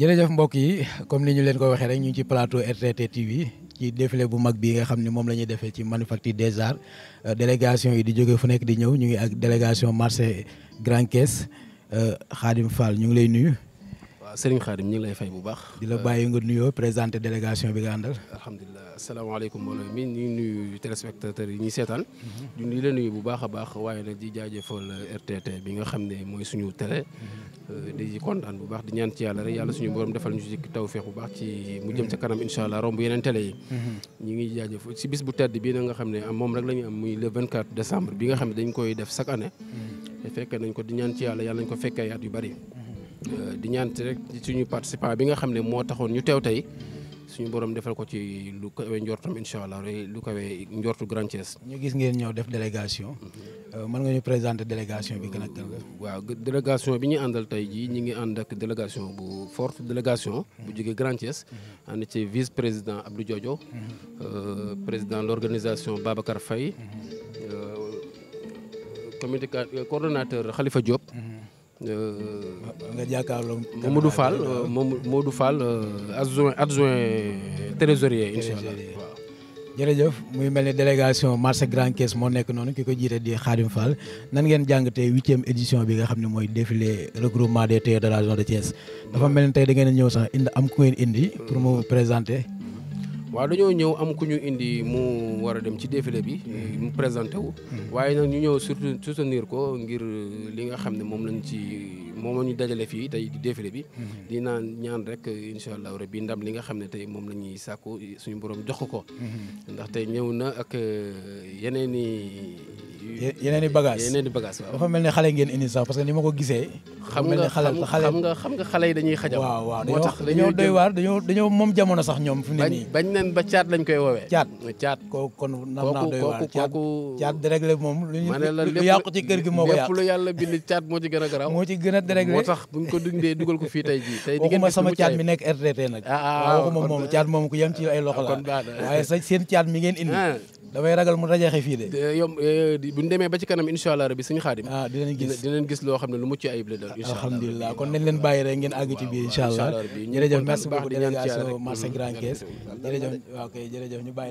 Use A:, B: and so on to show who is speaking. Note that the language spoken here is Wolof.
A: jërëjëf mbokk yi comme ni ñu leen ko waxee rek ñu ci plateau RTT TV ci défilé bu mag bi nga xam ne moom la ñuy defee ci manufacture des arts euh, délégation yi di jóge fu nekk di ñëw ñu ngi ak délégation marché Grand Caisse euh, Khadim Fall ñu ngi lay nuyu.
B: waaw Serigne Khadim ñu ngi lay fay bu baax.
A: di la bàyyi nga nuyoo présenté délégation bi nga àndal.
B: alhamdulilah salaamaaleykum mbooloo mi ñu ngi nuyu téléspectateurs yi ñuy seetaan. di la nuyu bu baax a baax waaye nag di jaajëfal RTT bi nga xam ne mooy suñu télé. Euh, di kontaan bu baax di ñaan ci yàlla rek yàlla suñu ñu ci tawféex bu baax ci mu jëm ca kanam si bu tedd bii nag nga xam ne moom rek la am muy le 24 décembre bi nga xam ne dañ koy def chaque année. Mm-hmm. te nañ ko di ñaan ci yàlla yàlla nañ ko fekkee at yu bari Euh, di ñaan rek suñu participant bi nga xam ne moo taxoon ñu teew tey suñu borom defal ko ci lu kawe njortam incha allah lu kawe njortu Grand
A: ñu gis ngeen ñëw def délégation. Euh, mën nga ñu présenter délégation bi kan ak
B: waaw délégation bi ñu àndal tey jii ñu ngi ànd ak délégation bu forte délégation. bu jógee Grand Thiès. ànd ci vice président Abdou Diodio. Euh, président l' organisation Babacar Faye. communicateur coordonnateur Khalifa Diop. Euh,
A: nga jàkkaarloo euh, Mamadou Fall
B: moom Mamadou Fall adjoint adjoint trésorier incha allah waaw.
A: jërëjëf muy mel ni délégation marché Grand Thiès moo nekk noonu ki ko jiite di Khadim Fall nan ngeen jàng tey huitième édition bi nga xam ne mooy défilé regroupement des tailleurs de la région de Thiès. dafa mel ni tey da ngeen a ñëw sax indi am ku ngeen indi. pour mu présenter.
B: waaw dañoo ñëw am ku ñu indi mu war a dem ci défilé bi mu présenté wu hmm. waaye nag ñu ñëw surtout soutenir ko ngir li nga xam ne moom lañ ci moom ñu dajale fii tey défilé bi hmm. di naan ñaan rek incha allah rabbi ndam li nga xam ne tey moom la ñuy sàkku suñu borom jox ko hmm. ndax tey ñëw na ak eh, yeneeni yeneen i bagage yeneen i bagage waaw dafa
A: mel ne xale ngeen indi sax parce que ni ma ko gisee xam nga
B: xale dañuy xajam waaw waaw dañoo doy waar dañoo moom
A: jamono sax ñoom fu ne nii bañ
B: nañ ba caat lañ koy
A: woowee caat caat kooku kon nam naa doy waar kooku caat déréglé moom lu ñu yàqu moo ko
B: yàq lépp lu a garaaw moo ci gën a déréglé moo tax buñ ko ko fii tey jii tey waxuma sama caat mi
A: nekk RTT nag ah, ah, waxuma moom caat moom ku yem ci ay loxo ah, la waaye seen caat mi ngeen indi damay ragal mu rajaxe
B: fii de. yow eh, bu ñu demee ba ci kanam incha allah rabi suñu xaadim. ah dinañ gis loo xam ne lu mucc ayib la doon. incha alhamdulilah kon nañ leen bàyyi rek ngeen àgg ci biir incha allah. incha allah jërëjëf Grand Thiès
A: jërëjëf ñu bàyyi.